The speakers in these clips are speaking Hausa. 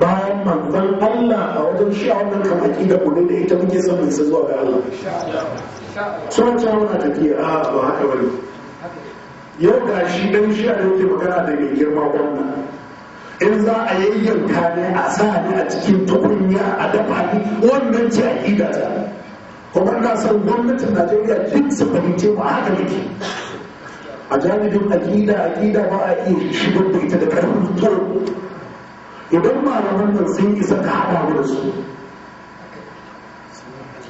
bayan manzan Allah a wajen shi a wannan kan aƙida kudu da ita muke son mai zuwa ga Allah sun ta muna tafiya a ba haka wani. yau ga shi dan shi a yake magana da mai girma wannan in za a yayyanka ne a sa ni a cikin tukunya a dafa ni wannan ce aƙida ta kuma ina son gwamnatin Najeriya duk su fahimce ba haka nake a janibin aƙida aƙida ba a iya shigar da ita da ƙarfin tuwo idan malaman nan sun isa ka haɗa da su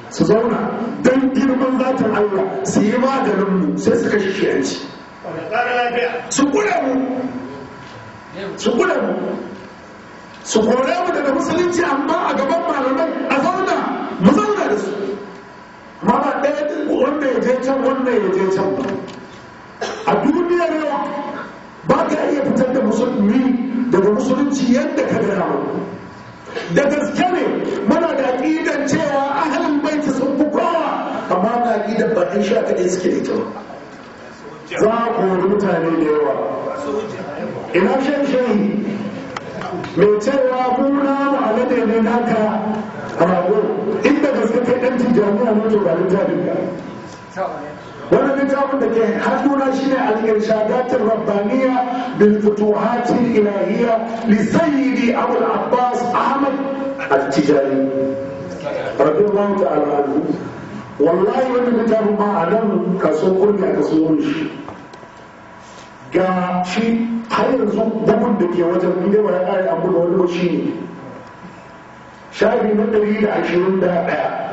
su zauna don girman zatin Allah su yi maganin mu sai su kashe shiyanci su kula mu su kula mu su kore mu daga musulunci amma a gaban malaman a zauna mu zauna da su amma ba ɗaya wanda ya je can wanda ya je can ba a duniyar yau ba ka iya fitar da musulmi daga musulunci yadda ka gana da gaske ne muna da aƙidan cewa ahalin baiti sun fi kowa amma na aƙidan ba ɗan sha kaɗai suke da kyau za a kori mutane da yawa ina shan shayi mai cewa muna ma'ana ne naka a rago inda gaske kai ɗan tijjani a mutu ba littafin wani littafin da ke hannuna shine al-irshadat rabbaniya rabbaniyya bil futuhat al-ilahiyya li sayyidi abu al-abbas ahmad al-tijani radiyallahu ta'ala anhu wallahi wani littafin ba a nan kaso kurmi a kaso shi ga shi har yanzu bugun da ke wajen inda ba ya kare abu da wani shi ne shafi na ɗari da ashirin da ɗaya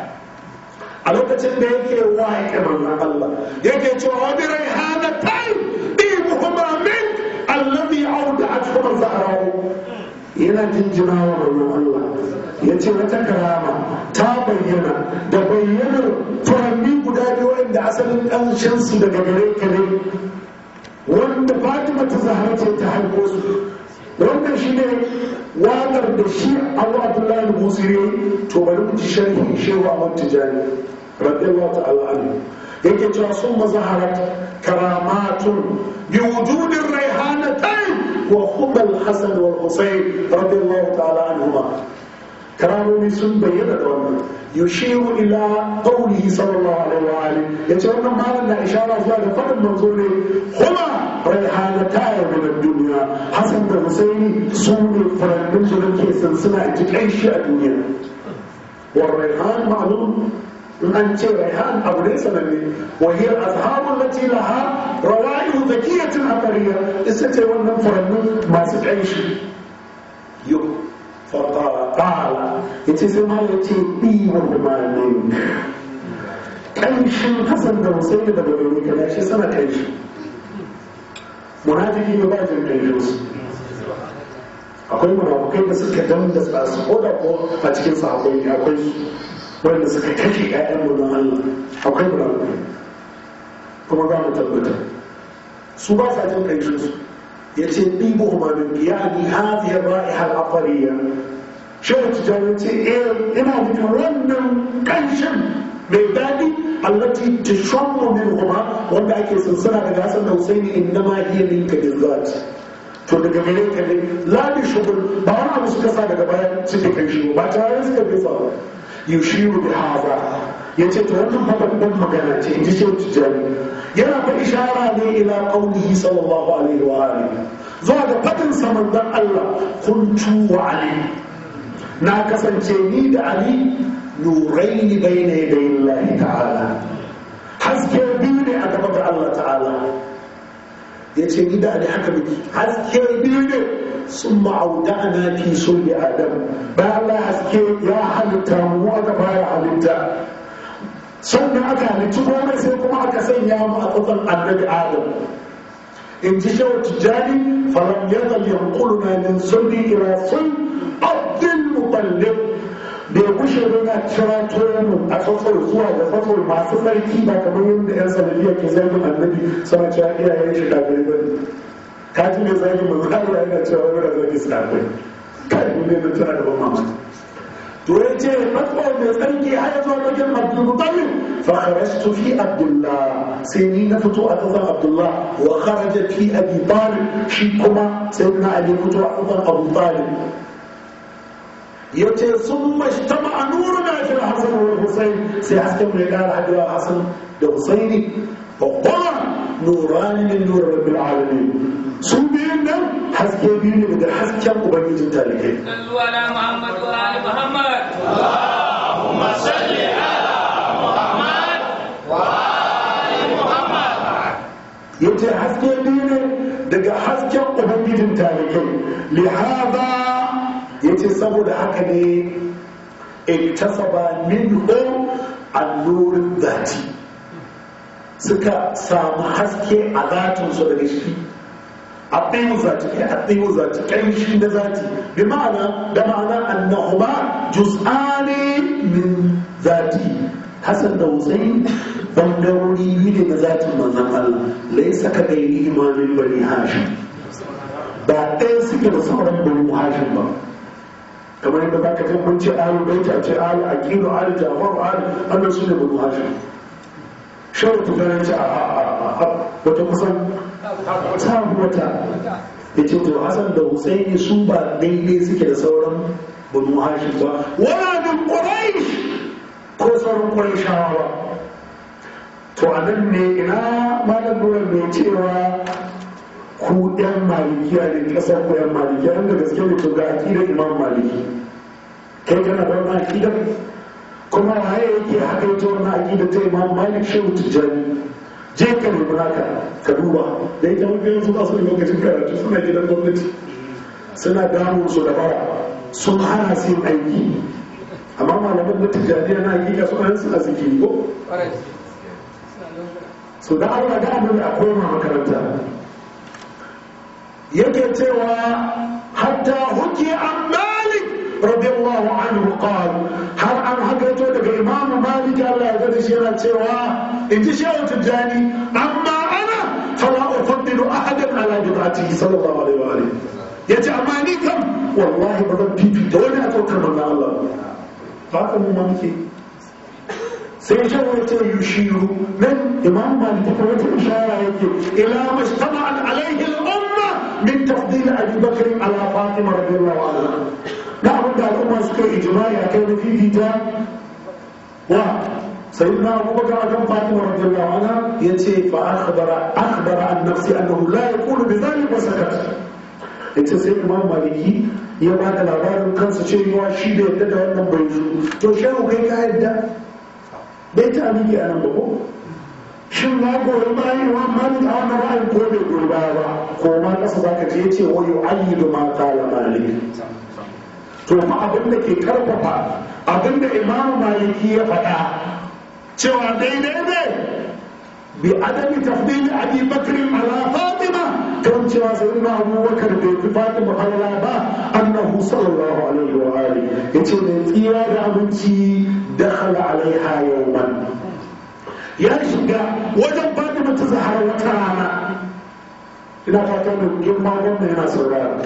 a lokacin da yake waye manzon Allah yake cewa bi rayhanatai ibuhuma min a cikin zahrahu yana jinjina wa manzon Allah yace wata karama ta bayyana da bayyana furanni guda biyu wanda asalin kanshin su daga gare ka ne wanda Fatima ta zahara ce ta haifo su wannan shi ne waƙar da shi abu abdullahi musiri to bari ku ji sharhi shehu ahmad tijani radiyallahu ta'ala anhu yake cewa sun mazaharat karamatun bi wujudin raihanatayn wa hubbal hasan wal husayn radiyallahu ta'ala anhuma karamomi sun bayyana da wannan yushiru ila qawlihi sallallahu alaihi wa alihi yace wannan malam na ishara zuwa ga fadin manzo ne huma raihanataya min ad duniya hasan da husaini su ne furannin su da ke sansuna jikin shi a duniya wa raihan ma'lum in an ce raihan abu ne sananne wa hiya azhabu allati laha rawaihu zakiyatin athariya isa ce wannan furannin masu kanshi yau faƙaƙala ya ce sai ma ya ce ɗiwon da malamin ƙanshin hasan da musayi da bayan kana shi sana ƙanshi ba su akwai munafukai da suka damda su ko ko a cikin sahabbai akwai wanda suka kashe ƴaƴan mu don Allah akwai munafukai kuma za mu tabbata su ba sa jin ƙanshin su yace ɗibuhuma min yani hadhihi ar-ra'iha al-athariya shehu tijani yace eh, ina nufin wannan kanshin mai daɗi allati tashammu minhuma wanda ake sansana da Hassan da Husaini innama hiya min kadizat to daga gare ka ne la bi shugul ba wani abu suka sa daga bayan suke kai ba tare suka bisa ba yushiru bi hadha ya ce ta wannan babban magana ce in ji shehu tijjani yana fa ishara ne ila qaulihi sallallahu alaihi wa alihi zuwa ga fadin sa manzon Allah kun wa ali na kasance ni da ali bai nuraini bayna yadayi Allah ta'ala haske biyu ne a gaba da Allah ta'ala ya ce ni da ali haka muke haske biyu ne sun ثم أودعنا في صلب آدم haske ya halitta mu مواد بايا حلتا can da aka halicci komai sai kuma aka sanya mu a tsatsan annabi adam in ji shehu tijjani falam yazal na min sunni ila sun abdul mutallib da ya kushe yana cirato mu a tsatsar zuwa da tsatsar masu sarki ba kamar yadda yan sanadiyya ke zargin annabi sama cewa iyayen shi da gari bane kaji mai zargin mu Allah yana cewa wani da zargin su da kai kai ne na tana da ban mamaki تويتي مطعم مستنكي حاجة تواتك المطلوب طيب فخرجت في عبد الله سنين فتوى أفضل عبد الله وخرجت في أبي طالب في كما سيدنا أبي فتوى أفضل أبو طالب يوتي ثم اجتمع نورنا في الحسن والحسين سيحسكم رجال عبد الله الحسن الحسيني وقال نوران من نور رب العالمين su biyun nan haske biyu ne daga hasken ubangijin talibai ala Muhammad Muhammad yace haske biyu ne daga hasken ubangijin talibai ya yace saboda haka ne iktasaba minhu allurin zati suka samu haske a zatinsu daga shi الطيب ذاتي الطيب ذاتي كيشي ذاتي بمعنى بمعنى أنهما جزءان من ذاتي حسن da Hussein bangarori biyu ne na zati manzon Allah laisa ka gairi imamin bani Hashim ba ɗaya suke da sauran bani Hashim ba kamar yadda baka kan mun ce alu baita ce alu aqilu alu jafar alu annan su ne bani Hashim sharatu kana ce a a a wata kusan ta ya ce to hasan da husaini su ba daidai suke da sauran banu hashi ba wala da kwarai ko sauran shawa ba to a nan ne ina malam mai cewa ku yan malikiya ne kasar ku yan malikiya inda gaske ne to ga akidar imam maliki kai kana ba wannan akidar kuma waye yake haka ita wannan akidar ta imam malik shehu tijjani je ka nemi ka ka duba da ita mafi yanzu ba su lokacin karatu suna gidan gwamnati suna damun su da bara sun hana su yin aiki amma malaman da tijjaniya na hakika su an suna zikiri ko so da Allah da abin da akwai ma makaranta yake cewa hatta huki an malik radiyallahu anhu har تشير سوى إن تشير تجاني أما أنا فلا أفضل أحدا على جبعته صلى الله عليه وآله يجي أمانيكم والله بضم بيتي دولة أتوكر من الله فاق المماليكي سيجب ويتر يشير من إمام مالك فويت إشارة إلى ما اجتمعت عليه الأمة من تفضيل أبي بكر على فاطمة رضي الله عنها نعم ده أمة سكر إجماعي أكاد في فيتا سيدنا أبو بكر أجاب فاطمة رضي الله عنها يتي فأخبر أخبر عن نفسي أنه لا يقول بذلك وسكت yace sai imam maliki ya ba da labarin kansa ce cewa shi da yadda da wannan bai zo to shehu kai ka yadda bai ta aliki a nan ba ko shin na goyi bayan wa malik a wannan ra'ayin ko bai goyi baya ba ko ma kasa ka je yace wa yu'ayyidu ma qala malik to fa abin da ke karfafa abin da imam maliki ya faɗa cewa daidai ne bi adami tafdili abi bakrin ala fatima kan cewa sai na abubakar bai fi fatima halala ba annahu sallallahu alaihi wa alihi yace mai tsira da abinci dakhala alaiha yawman ya shiga wajen fatima ta zahara wata rana ina fatan da girma gwamna yana saurara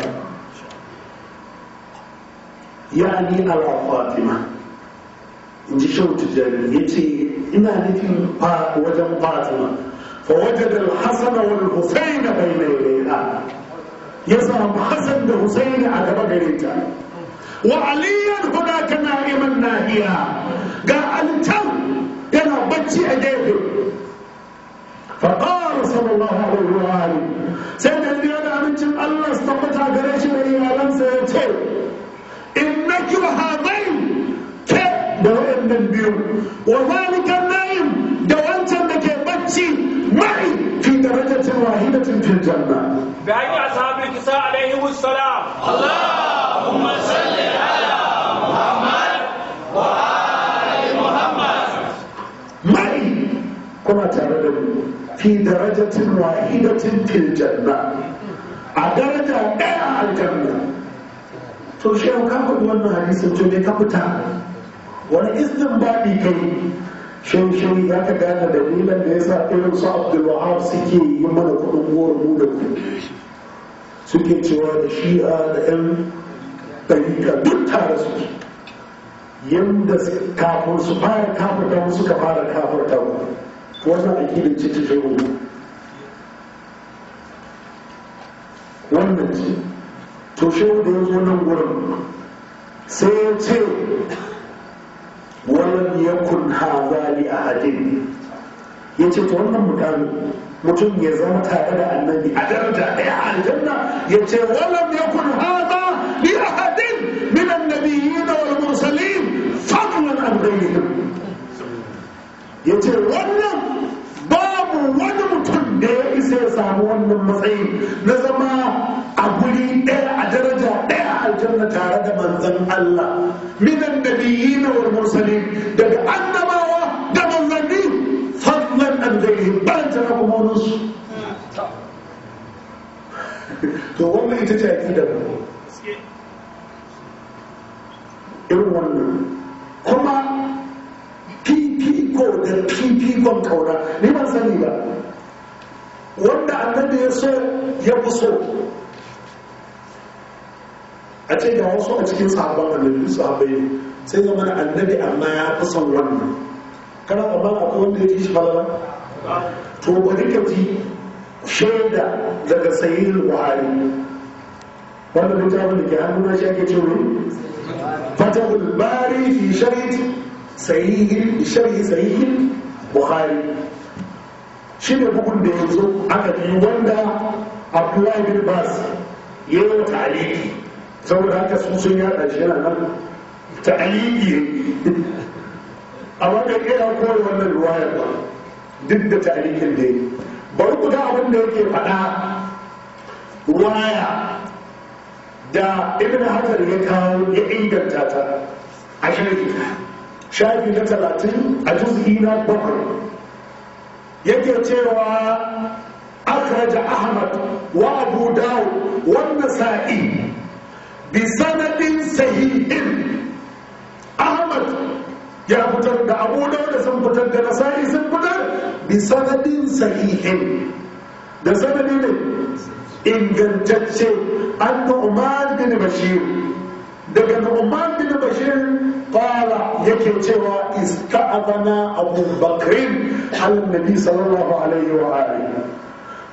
ya ni ala fatima in ji shan tijjani ce لمالك وجه باطنا فوجد الحسن والحسين بين يديها يزعم حسن بحسين على بغيرته وعليا هناك نائما ناهيا قال انت انا بجي اجيبه فقال صلى الله عليه واله سيدنا النبي انا انت الله استقطع قريش من يا لمسه انك وهذين da wayannan biyu wa zalika na'im da wancan da ke bacci mai fi darajatin wahidatin fil janna da ayu ashabul kisa alaihi wassalam allahumma salli ala muhammad wa ali muhammad mai kuma tare da mu fi darajatin wahidatin fil janna a daraja ɗaya aljanna to shi ka faɗi wannan hadisin to me ka fita wani istinbadi kai shin shin za ka gane dalilan da ya sa irin su abdulwahab suke yi mana kuɗin goro mu da ku suke cewa da shi'a da yan ɗarika duk tare suke yadda kafin su fara kafarta mu suka fara kafarta mu wannan a ce ta shehu wannan ce to shehu da ya zo nan wurin sai ya ce Wannan walam yakun hadha li Ya ce ta wannan mutane mutum ya zama tare da annabi a daraja ɗaya a aljanna Ya ce yace walam yakun hadha li ahadin min annabiyyin wal mursalin fadlan an Ya ce wannan babu wani mutum da ya isa ya samu wannan matsayi na zama a guri ɗaya a daraja tare da manzan Allah minan da nabiyyin wal mursalin daga annabawa da manzanni fadlan an da ban ta kuma wani to wannan ita ce aqidar irin wannan kuma fifiko da fifikon kauna ni ban sani ba wanda annabi ya so ya fi so a ce da wasu a cikin sabon annabi bayi sai zama na annabi amma ya fi son wannan kana amma akwai wanda ya ci shi falala to bari ka ji shaida daga sayyid buhari wanda littafin da ke nuna shi ake cewa fatahul bari fi shahid sayyid sharhi buhari shi ne bugun da yanzu aka yi wanda abdullahi bin bas ya yi wa taliki saboda haka sun sun yada shi yana nan ta'alili a da kai kore wannan ruwaya ba duk da ta ta'alilin da yi bari ku ga abin da yake faɗa ruwaya da ibn hajar ya kawo ya inganta ta a shari'a shafi na talatin a juz'i na bakwai yake cewa akraja ahmad wa abu dawo wannan sa'i bisanadin sahihin ahmad ya fitar da abu da sun fitar da nasari sun fitar bisanadin sahihin da sanadi ne ingantacce an nu'man bin bashir daga nu'man bin bashir fara yake cewa iska azana abu bakrin halin nabi sallallahu alaihi wa alihi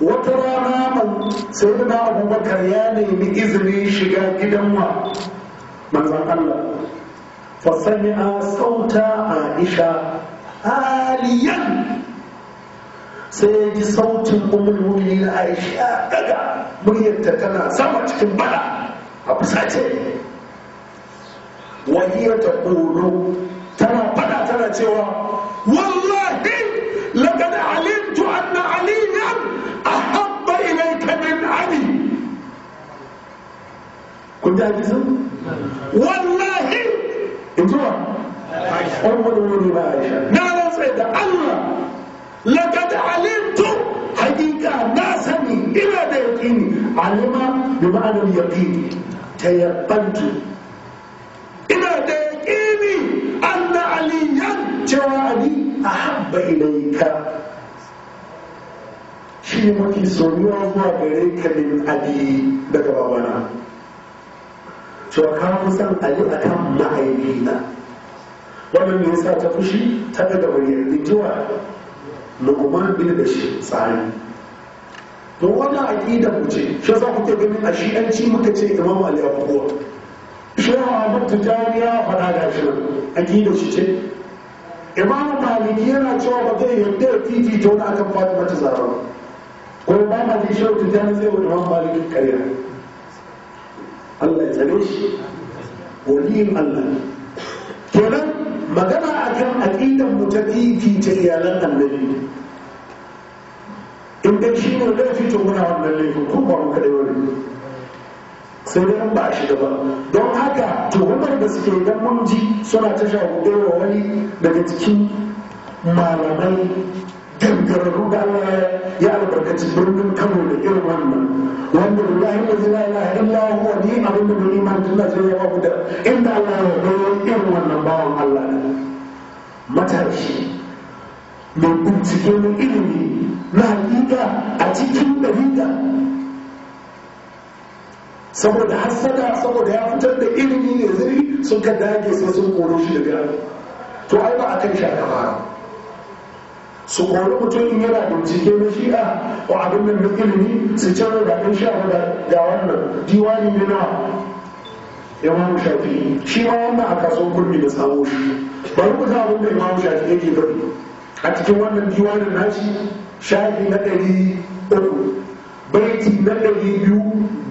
wata rana sai na abubakar ya nemi izinin shiga gidan wa manzan Allah fasani a sauta aisha aliyan sai ya ji sautin umul na aisha daga muryarta tana sama cikin bada a fusace wahiyar ta tana faɗa tana cewa kun ji hadisin wallahi in ji wa ummul mu'minin Aisha na rantsa da Allah laqad alimtu haqiqa na sani ina da yaqini alima bi ma'anar yaqini tayabbantu ina da yaqini anna aliyan cewa ali ahabba ilayka shi mafi soyuwa zuwa gare ka min ali daga babana To ka kusan son ali a kan na? wannan ya sa ta fushi ta daga muryar rijiwa kuma bin da shi tsari to wannan aƙidar mu ce shi ku kuke ganin a shi'anci muka ce imamu ali abubuwa shehu ahmad tijjani ya faɗa da shi aƙidar shi ce imamu maliki yana cewa ba zai yarda ya ta wani akan fatima ta zara ko ba ma ji shehu tijjani zai wani imamu maliki karya Allah ya tsare shi waliyin Allah kenan magana akan aqidan mu ta titi ta iyalan annabi in dai shi ne laifi to muna wannan laifin ko ba mu kaɗai wani sai dai an ba shi gaba don haka tuhumar da suke dan mun ji suna ta shafi wani daga cikin malamai dangararru da Allah ya albarkaci birnin Kano da irin wannan wanda billahi wa na ilaha illa huwa ni abin da bai iman tun da ya babu da inda Allah ya bayo irin wannan bawan Allah matashi mai bincike na ilimi na hakika a cikin dalila saboda hassada saboda ya fitar da ilimi ne zuri sun ka dage sai sun koro shi daga to ai ba a kan shaka su kori mutum in yana bincike na shi'a ko abin nan na ilimi su canza da ɗin sha ga wannan diwani ne nawa imam shafi shi ma wannan a kasuwar kurmi da samu shi bari ku ga abin da imam shafi yake bari a cikin wannan diwanin nashi shafi na ɗari uku baiti na ɗari biyu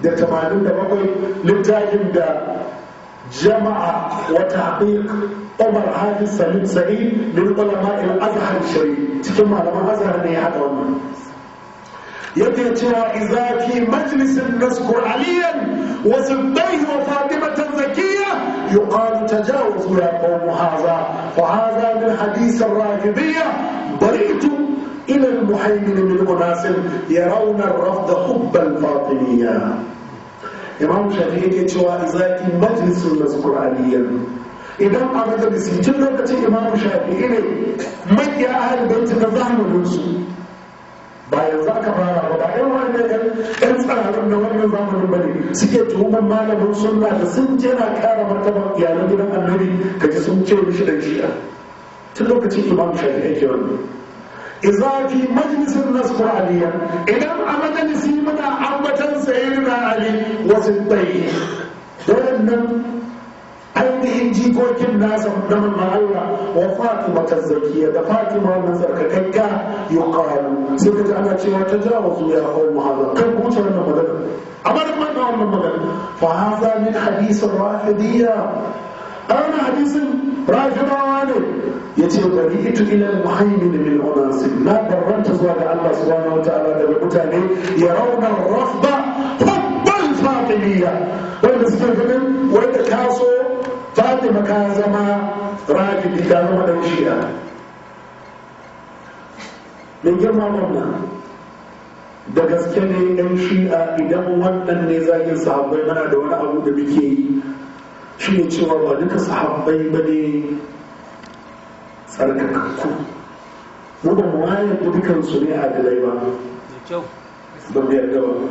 da tamanin da bakwai littafin da جمع وتحقيق عمر هادي سليم سعيد من علماء الازهر الشريف تكلم على ما ازهر ان هذا الامر يتيتها اذا في مجلس نذكر عليا وسبيه وفاطمه زكيه يقال تجاوز يا قوم هذا وهذا من حديث الراكبيه بريت الى المحيمن من اناس يرون الرفض حب الباطنيه imam shafi yake cewa izaki majalisun mazkuraniyyar idan a majalisi tun lokacin imam shafi ne manya ahal baiti na zamanin su ba yanzu aka fara ba ba yan wani yan tsararren na wannan zamanin bane suke tuhumar malamin sunna da sun je na kara martaba iyalan gidan annabi kaji sun ce mishi da jiya tun lokacin imam shafi yake wannan إذا في مجلس الناس قرآنيا إذا أمدن سيمنا أمتن سيدنا علي وسنتين ولن ainihin jikokin nasa na manna Allah wa Fatima ta zakiya da Fatima na tsarkakakka ya ƙaru sai ka ana cewa ta jawo su ya hau muhazza kai ku wuce wannan magana a bari manna wannan magana fa haza min hadisin rafidiyya a wani hadisin rafidawa ne ya ce bari ita ilal muhaimin da unasi na barranta zuwa ga Allah wani wata ala daga mutane ya rauna ba babban fatimiyya wanda suke ganin wanda ka so fatima ka zama da ka zama dan shi'a min girma wannan da gaske ne yan shi'a idan wannan ne zagin sahabbai mana da wani abu da muke yi shi ne cewa ba duka sahabbai ba ne tsarkakakku mu waye mu wayar da dukansu ne adalai ba ba biyar da wani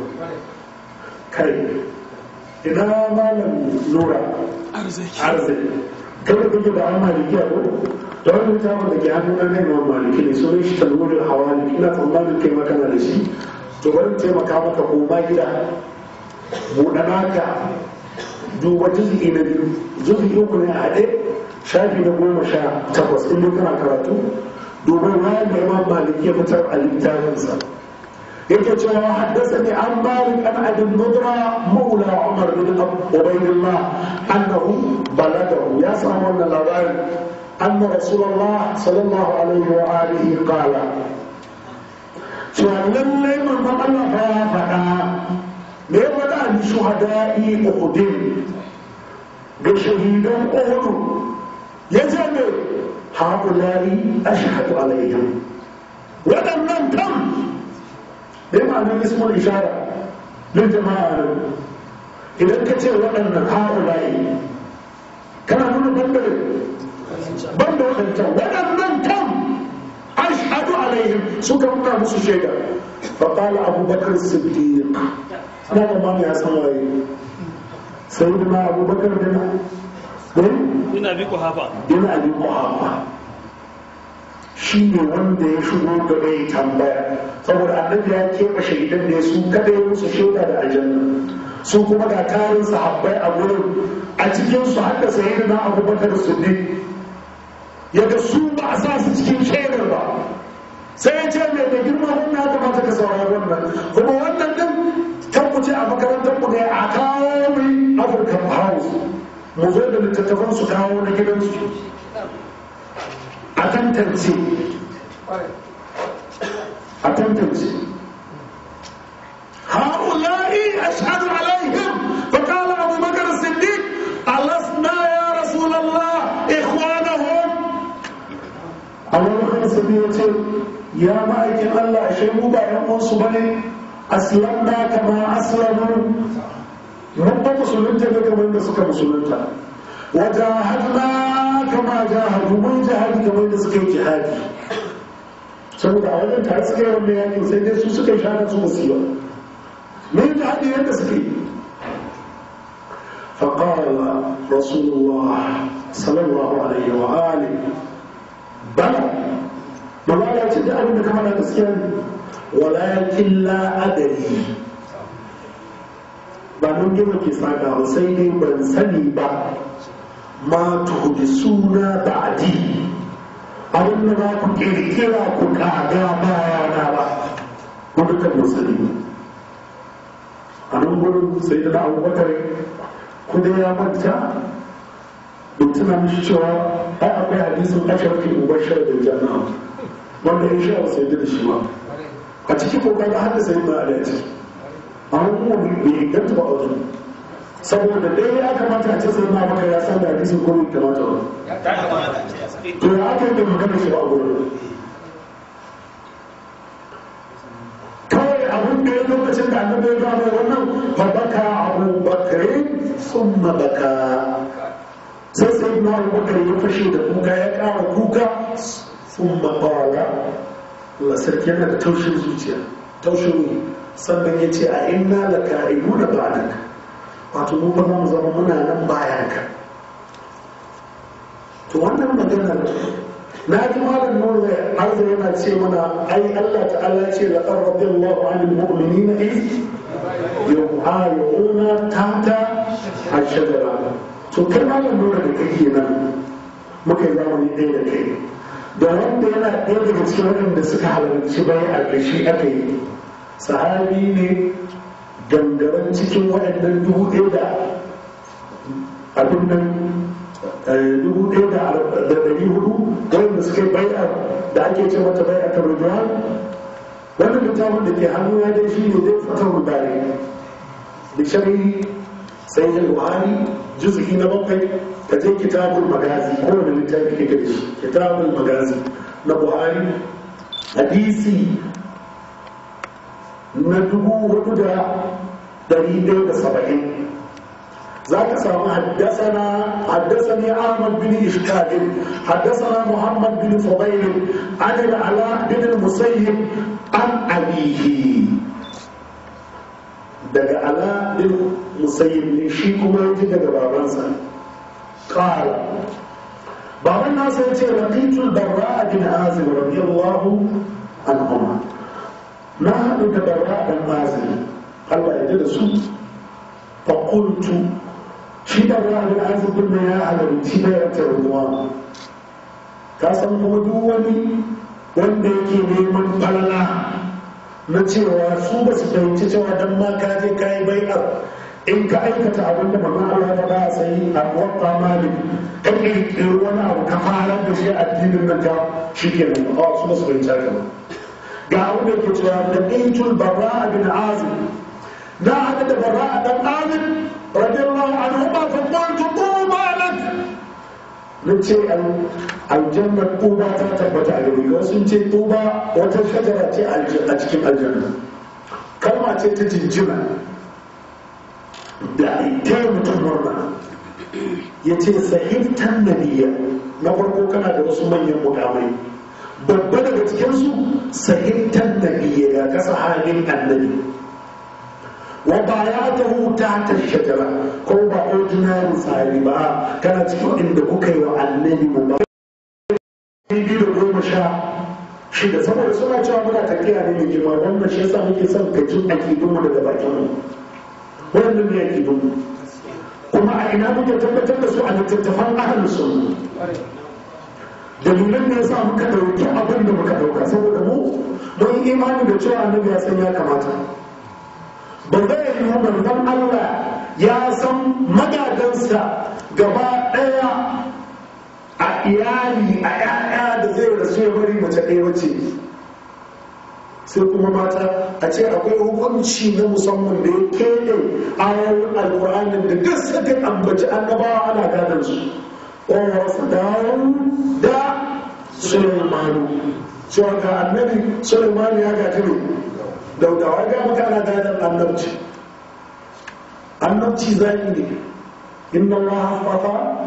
kai ina malam nura arziki kada kuke da an maliki a ko da wani littafin da ke hannu na imam maliki ne sunan shi hawa ne, ina tsammanin kai makana da shi to bari taimaka maka ma gida buɗa naka duba juz'i na biyu juz'i uku ne a haɗe shafi na goma sha takwas in dai kana karatu domin rayar da imam malik ya fitar a littafinsa yake cewa haddasa ne an bari kan adin mudra maula umar bin ubaydillah annahu balagahu ya samu wannan labarin anna rasulullah sallallahu alaihi wa alihi qala cewa lallai manzon Allah ya faɗa ليه ولا لشهداء أحد لشهيدا أحد يجب هؤلاء أشهد عليهم waɗannan kan da yana nan ismul ishara lil jama'a idan ka ce waɗannan ha'ula'i kana nuna bambare banda waɗancan waɗannan kan ashhadu alaihim suka nuna musu shaida faqala abubakar siddiq kuma mama ya san waye sai da abubakar da na yana eh? bi kuhafa yana bi kuhafa shi ne wanda ya shigo gaba ya tambaya saboda annabi ya keɓe shahidan da su kadai musu shaida da aljanna su kuma ga tarin sahabbai a wurin a cikin su da sayyid na abubakar su siddiq yaga su ba a sa su cikin shaidar ba sai ya ce mai da girma wannan ya kamata ka saurari wannan kuma wannan din makarantar mu ne a kawo mu african house mu zo da littattafan su kawo na gidansu a tantance a tantance هؤلاء أشهد عليهم فقال أبو بكر الصديق ألسنا يا رسول الله إخوانهم أبو بكر الصديق يا مائك الله أشهد أن لا إله إلا أسلمنا كما أسلموا من مسلمت لك من نسك مسلمت وجاهدنا كما جاهدوا من جاهد كما نسك جهادي سنوك أولاً تحسك يا ربي يعني سيدي سوسك إشانا سوسيا من جاهد ينسك فقال رسول الله صلى الله عليه وآله بل بل لا يجد أنك ما نسكي walakin la adari ba nun yi muke saka sai dai ban sani ba ma tuhudi suna ba'adi abin da za ku kirkira ku kaga bayana ba ku duka musulmi a nan gurin sai da abubakar ku dai ya manta mutuna shi cewa ai akwai hadisin ashar ke ubashar da jama'a wanda in sha sai da shi ba a ciki ko kaga har da sai ba a ciki amma mu bai ganta ba a wajen saboda ɗaya ya kamata a ce sai na baka ya san da hadisin ko bai kamata wani, to ya aka yi magana shi ba a gurin kawai abin da ya lokacin da annabi ya gano wannan fa baka abu bakari summa baka sai sai na bakari ya fashe da kuka ya kara kuka summa bawa Allah yana da taushin zuciya taushin sannan ya ce a inna da ka'idu da badak wato mu ba mu zama muna nan bayan ka to wannan magana na ji malam nuna yana ce mana ai Allah ta'ala ce da ɗan la na lahu yau mu'minina iz yuhayuna tata shagara to kai malam nuna da kake nan muka yi zamani ɗaya da kai da wanda yana ɗaya daga cikin da suka halarci bai'ar da shi aka yi sahabi ne gangaren cikin waɗannan dubu ɗaya da abin nan eh, dubu ɗaya da ɗari hudu wanda suka yi bai'ar da ake ce mata bai'ar ta rujuwa wannan mutumin da ke hannu ya dai shi ne zai fitar dare. da shari'i sai ya buhari juzuki na bakwai ka je kitabul magazi da littafi ke da shi kitabul magazi na buhari hadisi na dubu hudu da dari ɗaya da saba'in za ka samu haddasana haddasani ahmad bin ishkadin haddasana muhammad bin fudailin an ala bin musayyib an abihi daga ala bin musayyib ne shi kuma ya ji daga babansa قال بعض الناس يأتي لقيت البراء بن عازب رضي الله عنهما ما حدث براء بن عازب الله يجلس فقلت shi da wani al'azin din ya halarci da ya tarbuwa ka san kuma duk wani wanda yake neman falala na cewa su basu su cewa don ma ka je ka yi bai'ar in ka aikata abin da manzo Allah ya ba a tsayi a wata malik kan in wani abu ka farar da shi addinin nan ta shi ke nan ba su masu bai taka ba ga wanda ke cewa da aitul barra bin azim na hada da barra dan azim radiyallahu anhu ma fa qultu quma lak nace aljanna tuba ta tabbata a gari wasu sun ce tuba wata shajara ce a cikin aljanna kalma ce ta jinjina da ta mutum murna ya ce sahibtan nabiya na farko kana da wasu manyan mukamai babba daga cikinsu sahibtan nabiya ga kasa halin annabi wa huta ta shajara ko ba ordinary tsari ba kana cikin inda kuka yi wa annabi mu ba biyu da sha shida saboda suna cewa muna tafiya ne mai girma wannan shi yasa muke son ka ji akidunmu daga bakinmu wannan ne kuma a ina muke tabbatar da su a littattafan ahalin Da dalilan ne sa muka dauki abin da muka dauka saboda mu don imani da cewa annabi ya san ya kamata ba zai yi manzon Allah ya san magadansa gaba daya a iyali a 'ya'ya da zai rasu ya bari mace ɗaya wace sai kuma mata a ce akwai hukunci na musamman da ya keɓe ayar alƙur'anin da duk suka ambaci annabawa ana gadon su ƙwarar su dawo da sulaimanu cewa ga annabi sulaimanu ya gaji ne daudawa ga maka ana gadon annabci annabci zaki ne inna allaha fafa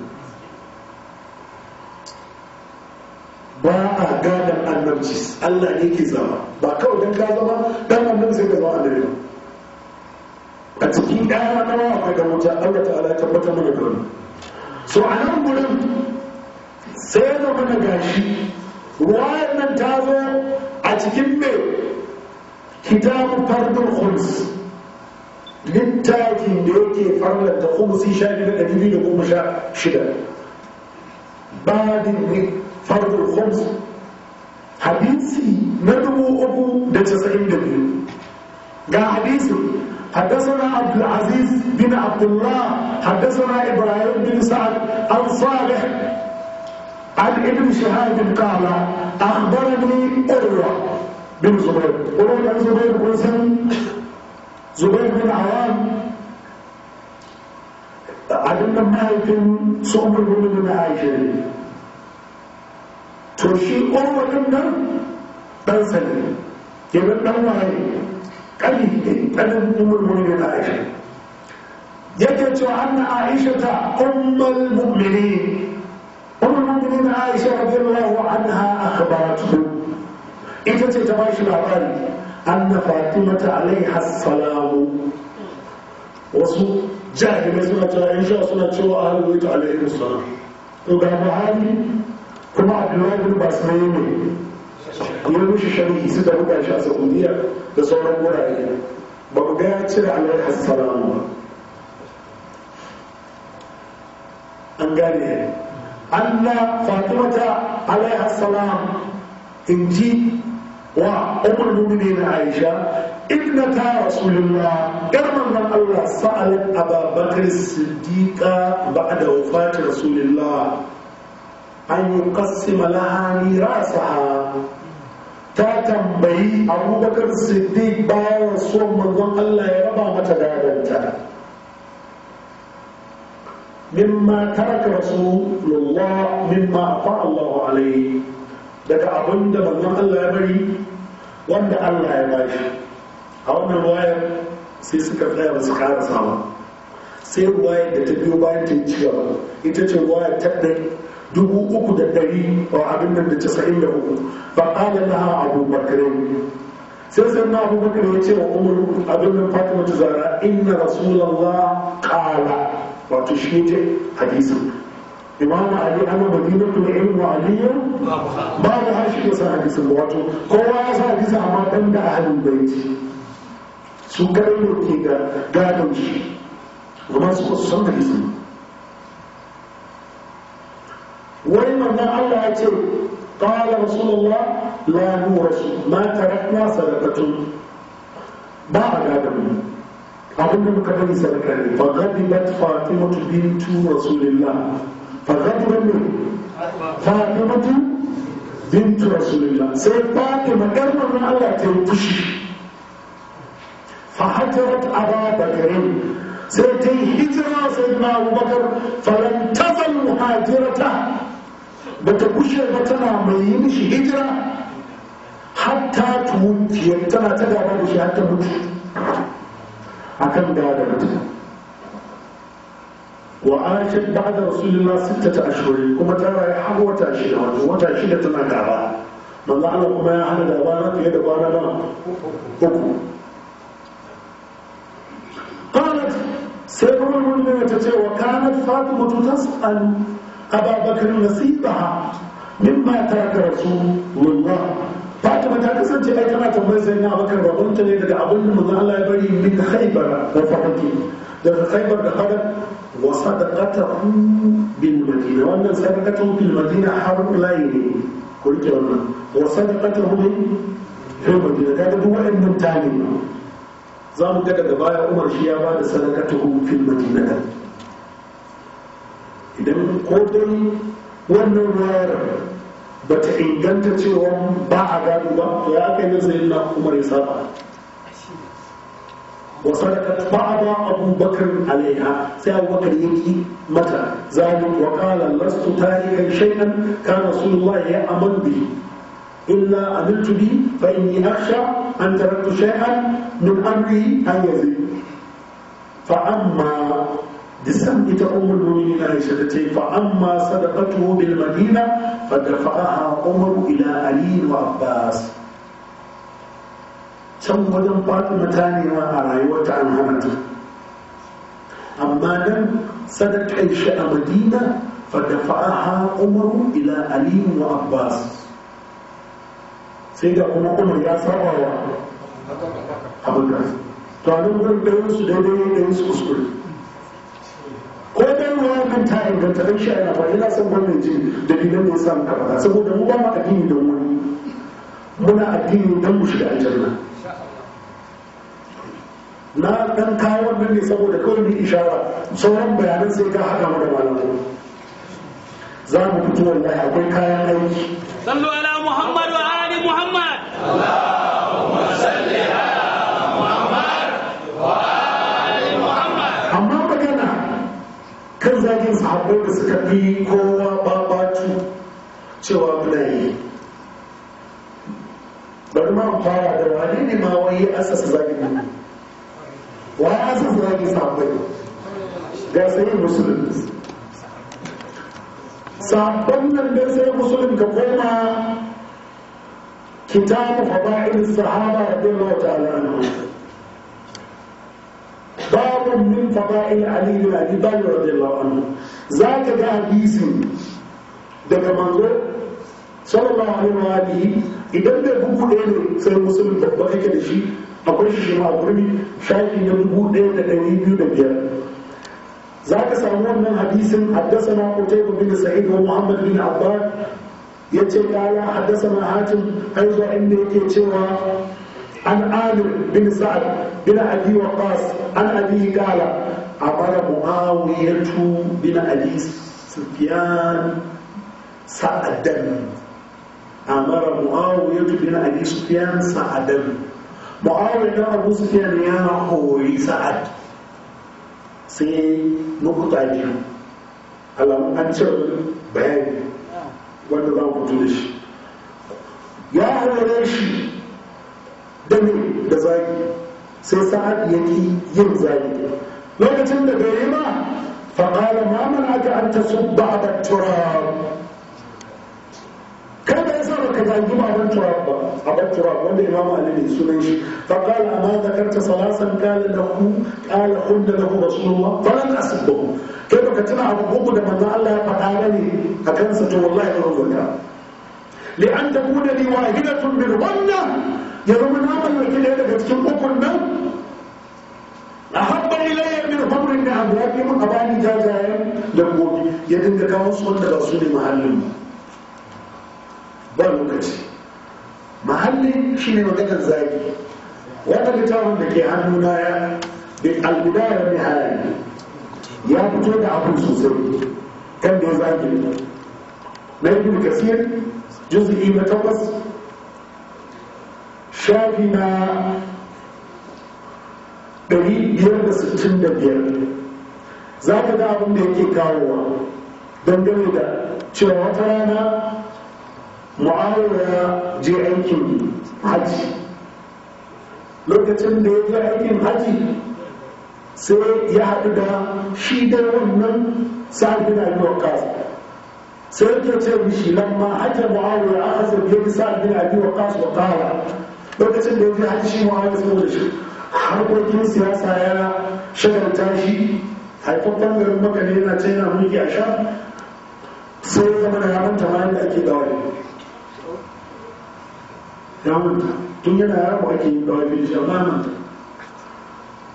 ba a gadon annabci Allah ne ke zama ba kawai don ka zama dan annabci sai ka zama annabi ba a cikin ɗaya na nawa ka ga wuta Allah ta'ala ya tabbata mana da wani so a nan gudun sai ya zama na gashi wayan nan ta zo a cikin mai kitabu Fardun khuls littafin da yake farlanta khumsi sha biyu da ɗari da goma sha shida ba da farko khums حديثي na أبو uku da casa'in da حدثنا عبد العزيز بن عبد الله حدثنا ابراهيم بن سعد عن صالح عن ابن شهاب قال اخبرني قره بن زبير قره بن زبير بن زبير بن عوام عدم مهلك سؤال بن عائشه to shi umar din nan dan sani kenan dan waye kali ne kalin umar mun da aisha yake cewa anna aisha ta ummul mu'minin ummul mu'minin aisha radiyallahu anha akhbaratu ita ce ta bashi labari anna fatimata alaiha salamu wasu jahilai suna cewa in sha suna cewa ahlul bayt alaihi salam to ga buhari kuma abdullahi bin basrai ne ya rushe shari'i suka buga shi a saudiya da sauran wurare ba ku ga ya cire assalamu ba an gane anna fatimata alaiha salam in ji wa umar mumini na aisha inna ta rasulullah yar manzon allah sa'alat ababakar siddiqa ba'da wafatin rasulullah an yi kassima lahani rasaha ta tambayi abubakar siddiq baya so manzon allah ya raba mata gadanta mimma taraka rasulullah mimma fa Allah alaihi daga abin da manzon allah ya bari wanda allah ya bashi a wannan wayar sai suka tsaya su karasa sai ruwayar da ta biyo bayan ta yi cewa ita ce ruwayar ta ɗari dubu uku da ɗari a abin da casa'in da uku ba ƙala laha abu bakarin sai sai na abu bakarin ya ce wa umar abin da fatima ta zara inna rasulallah ƙala wato shi ce hadisin imamu ali ana madina kuma ilmu wa aliyu ba da hashi da sa hadisin wato kowa ya sa hadisin amma ɗan da ahalin baiti su karin ke ga gadon shi kuma su san hadisin صدقة قال رسول الله لا هو رشيد ما ba صدقة بعد abin da muka bari sadaka ne fa ghadibat fatimatu bintu rasulillah fa ghadibat min fatimatu bintu rasulillah sai fatima yar manzon Allah ta yi fushi fa hajarat aba sai ta yi hijira sai na abubakar fa lam tazal muhajirata ba ta kushe ba tana mai yi mishi hijira hatta yadda tana ta gaba da shi hatta mutu a kan da da mutu wa shi ba da rasulullah sita ta ashuri kuma ta rayu har wata shida wato wata shida tana gaba manzo Allah kuma ya hana gaba na fiye da kwana na uku قالت سيقول Kanar وكانت فاطمة تسأل aba bakar nasiba min ma ta karasu wallah fatima ta kasance ai tana tambayar sai na bakar ba ta ne daga abun da manzo Allah ya bari min ka khaybar wa fatati da khaybar da hada wa sadaqata bil madina wannan sadaqata bil madina harun laili ko rike wannan wa sadaqata bil madina kaga duk wa'annan tani za mu ga daga baya Umar shi ya ba da sadaqata bil madina domin ko dai wannan wayar ba ta inganta cewa ba a gado ba to ya aka yi zai na umar ya saba وصدقت بعض أبو بكر عليها سي أبو بكر يجي متى ذلك وقال لست تاركا شيئا كان رسول الله يأمن به إلا أملت به فإني أخشى أن تركت شيئا من أمري أن يزيد فأما disan ita umar na aisha ta ce fa amma sadaqatu bil madina fa dafa'aha umar ila ali wa abbas can wajen fatima ta nema a rayuwarta an hana ta amma nan sadakar shi a madina fadafa'aha Umar ila aliyu wa abbas sai ga kuma umar ya saba wa abubakar to a nan gurin ɗayansu daidai ɗayansu kuskure ko dan ruwan ta inganta dan shi yana faɗi na san gwamnati ji dalilan da ya sa muka faɗa saboda mu ba mu addini don wani muna addini don mu shiga aljanna na dan kawo wannan ne saboda kawai ni ishara sauran bayanan sai ka haɗa mu da malamai za mu fito wallahi akwai kayan aiki sallu ala muhammad wa ali muhammad sahabbai da suka fi kowa babatu cewa muna yi bari ma fara da wani ne ma wani yi asasa zagi nan wani asasa zagi sahabbai ga sai musulun sahabban nan da sai musulun ka koma kitabu fada'il sahaba radiyallahu ta'ala anhu باب من فضائل علي بن ابي طالب رضي الله عنه za ka ga hadisi daga mango sallallahu alaihi wa alihi idan bai bugu ɗaya ne sai musulun babba yake da shi akwai shi shi ma gurbi shafi na bugu ɗaya da ɗari biyu da biyar za ka samu wannan hadisin haddasa na kotai bin sa'id wa muhammad bin abbas ya ce kala haddasa na hatim har zuwa inda yake cewa an amir bin sa'ad bin abi waqas an abi kala amara muawiyatu bin abi sufyan sa'adan amara muawiyatu bin Ali sufyan sa'adan muawiya da abu sufyan ya hori sa'ad sai nukuta biyu alamun an ce bayani wanda za ku da shi ya hore shi da da zagi sai sa'ad yake yin zagi لكن لبيمة فقال ما منعك أن تصب على التراب كان يزال كتاب بعض التراب بعض التراب وان الإمام علي لي سنيش فقال أما ذكرت صلاه قال له قال قلنا له رسول الله فلن أسبه كيف كتنا عبقوق لما قال لي فقالني أكنسة والله يرزقها لأن تكون لي واهدة من ظنة يرمنا من الكلية لكتن أقلنا أحب إلي da famurin da abu ya fi maka abani jajayen dabbobi ya dinga kawo su wanda ba su ne mahallin ba lokaci mahallin shi ne maganar zagi wata littafin da ke na ya bin algudayar ne halaye ya fito da abu sosai kan da ya zagi na yi kasir juz'i na takwas shafi na 565 za ka ga abin da yake kawowa dangane da cewa wata rana ma'aura je aikin haji lokacin da ya je aikin haji sai ya haɗu da shi da wannan sa'adun abuwa kasa sai ke ce mishi lamma hajjar mu'awara aka zabi sa'adun abuwa kasa wa ƙara lokacin da ya je haji shi ma'aura sai da shi harkokin siyasa ya shagalta shi haifafan garin maka ne yana china mulki a sha sai ya zama da ya manta ma yadda ake dawali ya manta tun yana yaro ake yin dawali shi amma manta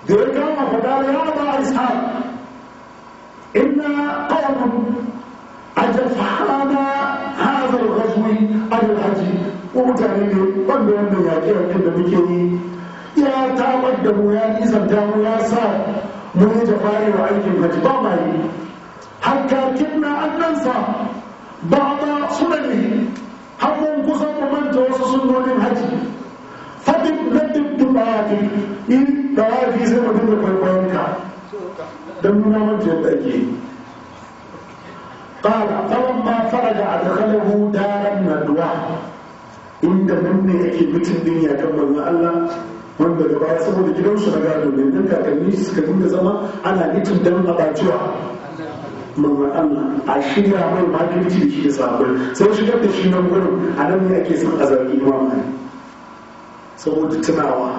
da ya kama fada da yawa ba a isa inna qawmun ajafana hazar al a al-hajj ko mutane ne wanda wanda yaƙi yaƙen da muke yi ya tawar da mu ya nisanta mu ya sa mu yi jafari wa aikin hajji ba ma yi hatta kinna annansa ba ma suna ne mun kusan mu manta wasu nonin hajji fadin na duk dubafi in da wafi sai mu da kwaikwayon ka don nuna manta yadda ake yi قال فلما فرج أدخله دار الندوة inda nan ne yake mutum din ya kan manzo Allah wanda da baya saboda gidansu na gado ne dan kakanni suka dinga zama ana nitin dan abacewa mamman Allah a shirya mai makirci da shi da sabon sai shigar da shi nan gurin a nan ne ake son a zargi mamman saboda tunawa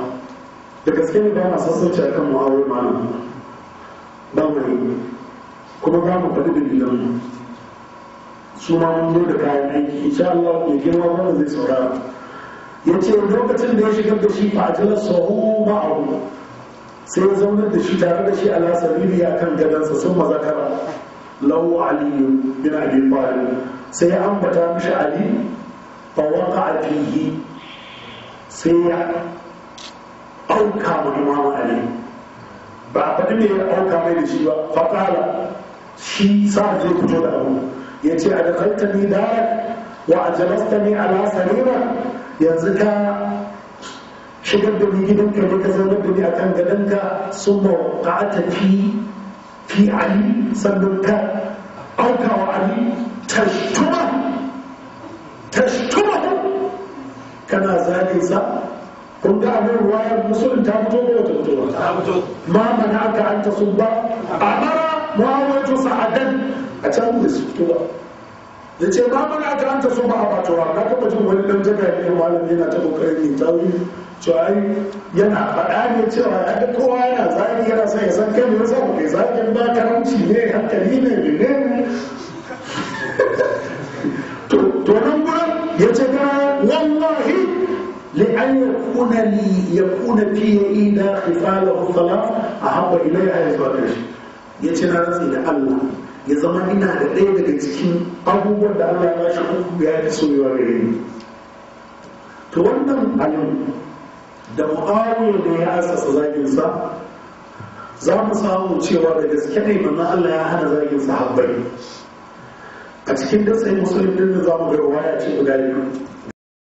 da gaske ne bayan a kan muhawar malam ba mu kuma ba mu faɗi dalilan mu su ma mun zo da kayan aiki insha Allah ya girma wannan zai saurara ya ce lokacin da ya shigar da shi fajila sahu ma'ahu sai ya zaunar da shi tare da shi ala sabili a kan gadansa sun mazakara lau aliyu bin abin talib sai ya ambata mishi ali fa waqa fihi sai ya auka ma imamu ali ba a faɗi ne ya auka mai da shi ba faƙala shi sa zai fito da abu ya ce a da ni darak wa a jalasta ni ala sarira yanzu ka shigar da ni gidanka ne ka zaunar da ni a kan ka sun ka a tafi fi ali sannan ka auka wa ali tashtuma tashtuma kana zane sa kun ga abin ruwayar musulun ta fito ko wata fito ba ma mana aka an ta sun ba a mara mu'awaitu sa'adan a can da su fito ba Yace ce ba mana ta an taso ba a batawa na kuma jin wani ɗan jaka ya malam yana ta ƙoƙarin ya tawi cewa ai yana faɗa ne cewa ya kowa yana zagi yana son ya san kai ne sa mai zagin ba karamci ne hankali ne ne ne to nan gurin ya ce ga wallahi لأن يكون لي يكون في إيدا خفاله الصلاة أحب إليها يا يتنازل الله ya zama ina da ɗaya daga cikin abubuwan da Allah ya shi uku ya fi soyuwa gare ni to wannan alim da mu'awiyar da ya asasa zaginsa za mu samu cewa da gaske ne manzon Allah ya hana zagin sahabbai a cikin dasa musulmi musulun da za mu ga waya ce guda biyu